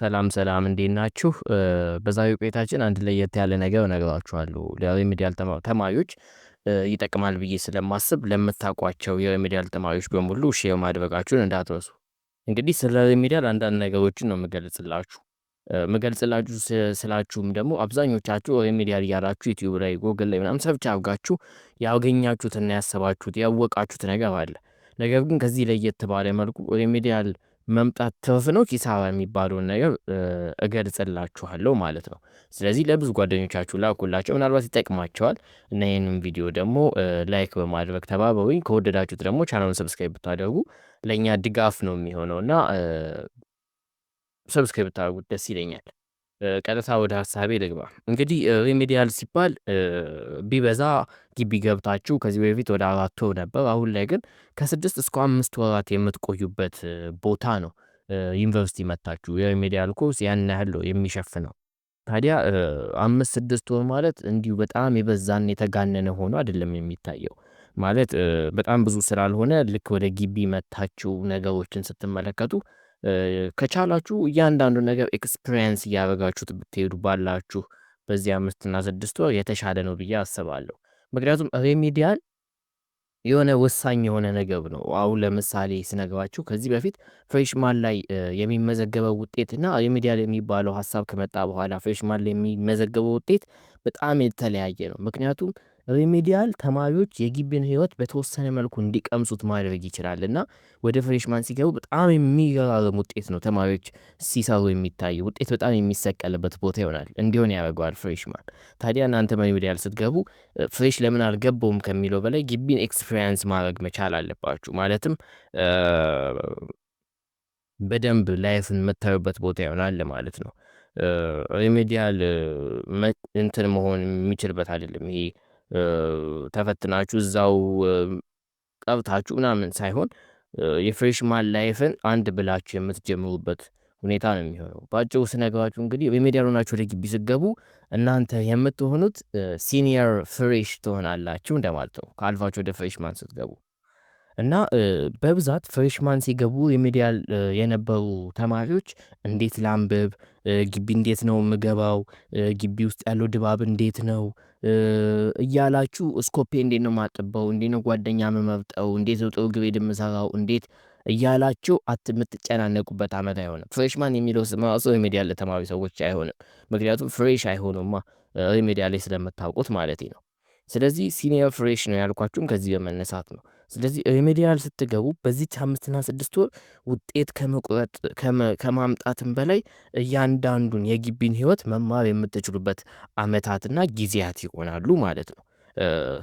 ሰላም ሰላም እንዴት ናችሁ? በዛሬው ቆይታችን አንድ ለየት ያለ ነገር እነግራችኋለሁ። ለሪሚዲያል ተማሪዎች ይጠቅማል ብዬ ስለማስብ ለምታውቋቸው የሪሚዲያል ተማሪዎች በሙሉ ሼር ማድረጋችሁን እንዳትረሱ። እንግዲህ ስለ ሪሚዲያል አንዳንድ ነገሮችን ነው የምገልጽላችሁ። ምገልጽላችሁ ስላችሁም ደግሞ አብዛኞቻችሁ ሪሚዲያል እያላችሁ ዩቲዩብ ላይ፣ ጎግል ላይ ምናምን ሰብቻ አድርጋችሁ ያገኛችሁትና ያሰባችሁት ያወቃችሁት ነገር አለ። ነገር ግን ከዚህ ለየት ባለ መልኩ ሪሚዲያል መምጣት ነው። ኪሳራ የሚባለውን ነገር እገልጽላችኋለሁ ማለት ነው። ስለዚህ ለብዙ ጓደኞቻችሁ ላኩላቸው፣ ምናልባት ይጠቅማቸዋል እና ይህንም ቪዲዮ ደግሞ ላይክ በማድረግ ተባበሩኝ። ከወደዳችሁት ደግሞ ቻናሉን ሰብስክራይብ ብታደርጉ ለእኛ ድጋፍ ነው የሚሆነው እና ሰብስክራይብ ብታደርጉት ደስ ይለኛል። ቀጥታ ወደ ሀሳቤ ልግባ። እንግዲህ ሪሜዲያል ሲባል ቢበዛ ግቢ ገብታችሁ ከዚህ በፊት ወደ አራት ወር ነበር፣ አሁን ላይ ግን ከስድስት እስከ አምስት ወራት የምትቆዩበት ቦታ ነው። ዩኒቨርሲቲ መታችሁ የሪሜዲያል ኮርስ ያን ያህል የሚሸፍነው። ታዲያ አምስት ስድስት ወር ማለት እንዲሁ በጣም የበዛን የተጋነነ ሆኖ አይደለም የሚታየው ማለት በጣም ብዙ ስላልሆነ ልክ ወደ ግቢ መታችሁ ነገሮችን ስትመለከቱ ከቻላችሁ እያንዳንዱ ነገር ኤክስፒሪየንስ እያደረጋችሁት ብትሄዱ ባላችሁ በዚህ አምስትና ስድስት ወር የተሻለ ነው ብዬ አስባለሁ። ምክንያቱም ሪሚዲያል የሆነ ወሳኝ የሆነ ነገር ነው። አሁን ለምሳሌ ስነግራችሁ ከዚህ በፊት ፍሬሽማን ላይ የሚመዘገበው እና ሪሚዲያል የሚባለው ሀሳብ ከመጣ በኋላ ፍሬሽማን ላይ የሚመዘገበው ውጤት በጣም የተለያየ ነው። ምክንያቱም ሪሚዲያል ተማሪዎች የግቢን ህይወት በተወሰነ መልኩ እንዲቀምሱት ማድረግ ይችላል እና ወደ ፍሬሽማን ሲገቡ በጣም የሚገራርም ውጤት ነው ተማሪዎች ሲሰሩ የሚታይ ውጤት በጣም የሚሰቀልበት ቦታ ይሆናል እንዲሆን ያደርገዋል ፍሬሽማን። ታዲያ እናንተ ሪሚዲያል ስትገቡ ፍሬሽ ለምን አልገባውም ከሚለው በላይ ግቢን ኤክስፔሪንስ ማድረግ መቻል አለባችሁ። ማለትም በደንብ ላይፍን መታዩበት ቦታ ይሆናል ማለት ነው። ሪሚዲያል እንትን መሆን የሚችልበት አይደለም ይሄ ተፈትናችሁ እዛው ቀብታችሁ ምናምን ሳይሆን የፍሬሽማን ላይፍን አንድ ብላችሁ የምትጀምሩበት ሁኔታ ነው የሚሆነው። በአጭሩ ስነግራችሁ እንግዲህ ሪሜዲያል ሆናችሁ ወደ ግቢ ስትገቡ እናንተ የምትሆኑት ሲኒየር ፍሬሽ ትሆናላችሁ እንደማለት ነው። ከአልፋችሁ ወደ ፍሬሽማን ስትገቡ እና በብዛት ፍሬሽማን ሲገቡ ሪሚዲያል የነበሩ ተማሪዎች እንዴት ላንብብ፣ ግቢ እንዴት ነው የምገባው፣ ግቢ ውስጥ ያለው ድባብ እንዴት ነው እያላችሁ ስኮፔ እንዴት ነው ማጥበው፣ እንዴት ነው ጓደኛ የምመርጠው፣ እንዴት ነው ጥሩ ግሬድ የምሰራው፣ እንዴት እያላችሁ የምትጨናነቁበት አመት አይሆንም። ፍሬሽማን የሚለው ስም ራሱ ሪሚዲያል ለተማሪ ሰዎች አይሆንም። ምክንያቱም ፍሬሽ አይሆኑማ ሪሚዲያል ላይ ስለምታውቁት ማለት ነው። ስለዚህ ሲኒየር ፍሬሽ ነው ያልኳችሁም ከዚህ በመነሳት ነው። ስለዚህ ሪሜዲያል ስትገቡ በዚች አምስትና ስድስት ወር ውጤት ከመቁረጥ ከማምጣትም በላይ እያንዳንዱን የግቢን ህይወት መማር የምትችሉበት አመታትና ጊዜያት ይሆናሉ ማለት ነው።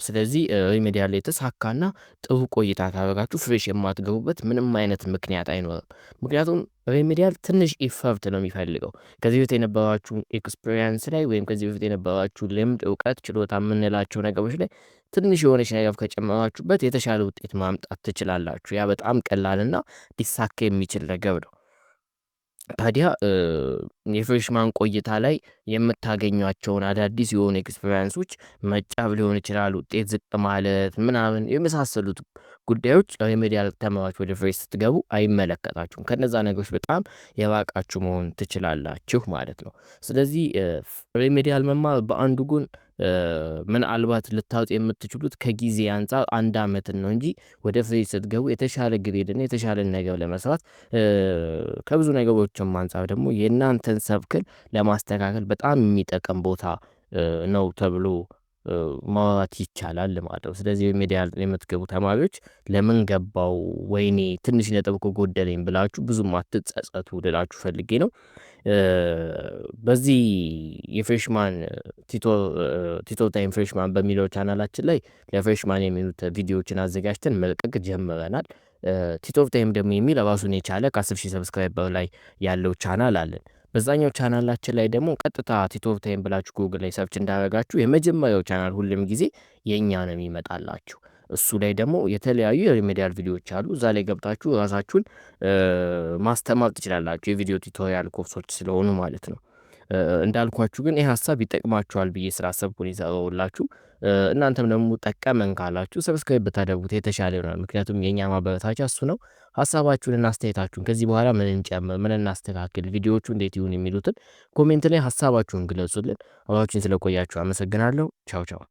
ስለዚህ ሪሜዲያል የተሳካና ጥሩ ቆይታ ካደረጋችሁ ፍሬሽ የማትገቡበት ምንም አይነት ምክንያት አይኖርም። ምክንያቱም ሬሜዲያል ትንሽ ኢፈርት ነው የሚፈልገው። ከዚህ በፊት የነበራችሁ ኤክስፔሪንስ ላይ ወይም ከዚህ በፊት የነበራችሁ ልምድ፣ እውቀት፣ ችሎታ የምንላቸው ነገሮች ላይ ትንሽ የሆነች ነገር ከጨመራችሁበት የተሻለ ውጤት ማምጣት ትችላላችሁ። ያ በጣም ቀላልና ሊሳካ የሚችል ነገር ነው። ታዲያ የፍሬሽማን ቆይታ ላይ የምታገኟቸውን አዳዲስ የሆኑ ኤክስፔሪንሶች መጫብ ሊሆን ይችላል፣ ውጤት ዝቅ ማለት ምናምን የመሳሰሉት ጉዳዮች ሪሜዲያል ተማሪዎች ወደ ፍሬሽ ስትገቡ አይመለከታችሁም። ከነዛ ነገሮች በጣም የራቃችሁ መሆን ትችላላችሁ ማለት ነው። ስለዚህ ሪሜዲያል መማር በአንዱ ጎን ምናልባት ልታወጥ የምትችሉት ከጊዜ አንጻር አንድ አመትን ነው እንጂ ወደ ፍሬ ስትገቡ የተሻለ ግሬድና የተሻለ ነገር ለመስራት ከብዙ ነገሮችም አንጻር ደግሞ የእናንተን ሰብክል ለማስተካከል በጣም የሚጠቅም ቦታ ነው ተብሎ ማዋት ይቻላል ማለት ነው። ስለዚህ በሚዲያ የምትገቡ ተማሪዎች ለምን ገባው ወይኔ ትንሽ ነጥብ እኮ ጎደለኝ ብላችሁ ብዙም አትጸጸቱ ልላችሁ ፈልጌ ነው። በዚህ የፍሬሽማን ቲቶ ታይም ፍሬሽማን በሚለው ቻናላችን ላይ ለፍሬሽማን የሚሉት ቪዲዮዎችን አዘጋጅተን መልቀቅ ጀምረናል። ቲቶ ታይም ደግሞ የሚል ራሱን የቻለ ከ10 ሺህ ሰብስክራይበር ላይ ያለው ቻናል አለን። በዛኛው ቻናላችን ላይ ደግሞ ቀጥታ ቲቶቭ ታይም ብላችሁ ጉግል ላይ ሰርች እንዳደረጋችሁ የመጀመሪያው ቻናል ሁሉም ጊዜ የእኛ ነው የሚመጣላችሁ። እሱ ላይ ደግሞ የተለያዩ የሪሜዲያል ቪዲዮዎች አሉ። እዛ ላይ ገብታችሁ ራሳችሁን ማስተማር ትችላላችሁ። የቪዲዮ ቱቶሪያል ኮርሶች ስለሆኑ ማለት ነው። እንዳልኳችሁ ግን ይህ ሀሳብ ይጠቅማችኋል ብዬ ስላሰብኩን ይዘበውላችሁ እናንተም ደግሞ ጠቀመን ካላችሁ ሰብስክራይብ ብታደርጉት የተሻለ ይሆናል። ምክንያቱም የእኛ ማበረታቻ እሱ ነው። ሀሳባችሁንና አስተያየታችሁን ከዚህ በኋላ ምን እንጨምር፣ ምን እናስተካክል፣ ቪዲዮዎቹ እንዴት ይሁን የሚሉትን ኮሜንት ላይ ሀሳባችሁን ግለጹልን። አብራችሁን ስለቆያችሁ አመሰግናለሁ። ቻው ቻው።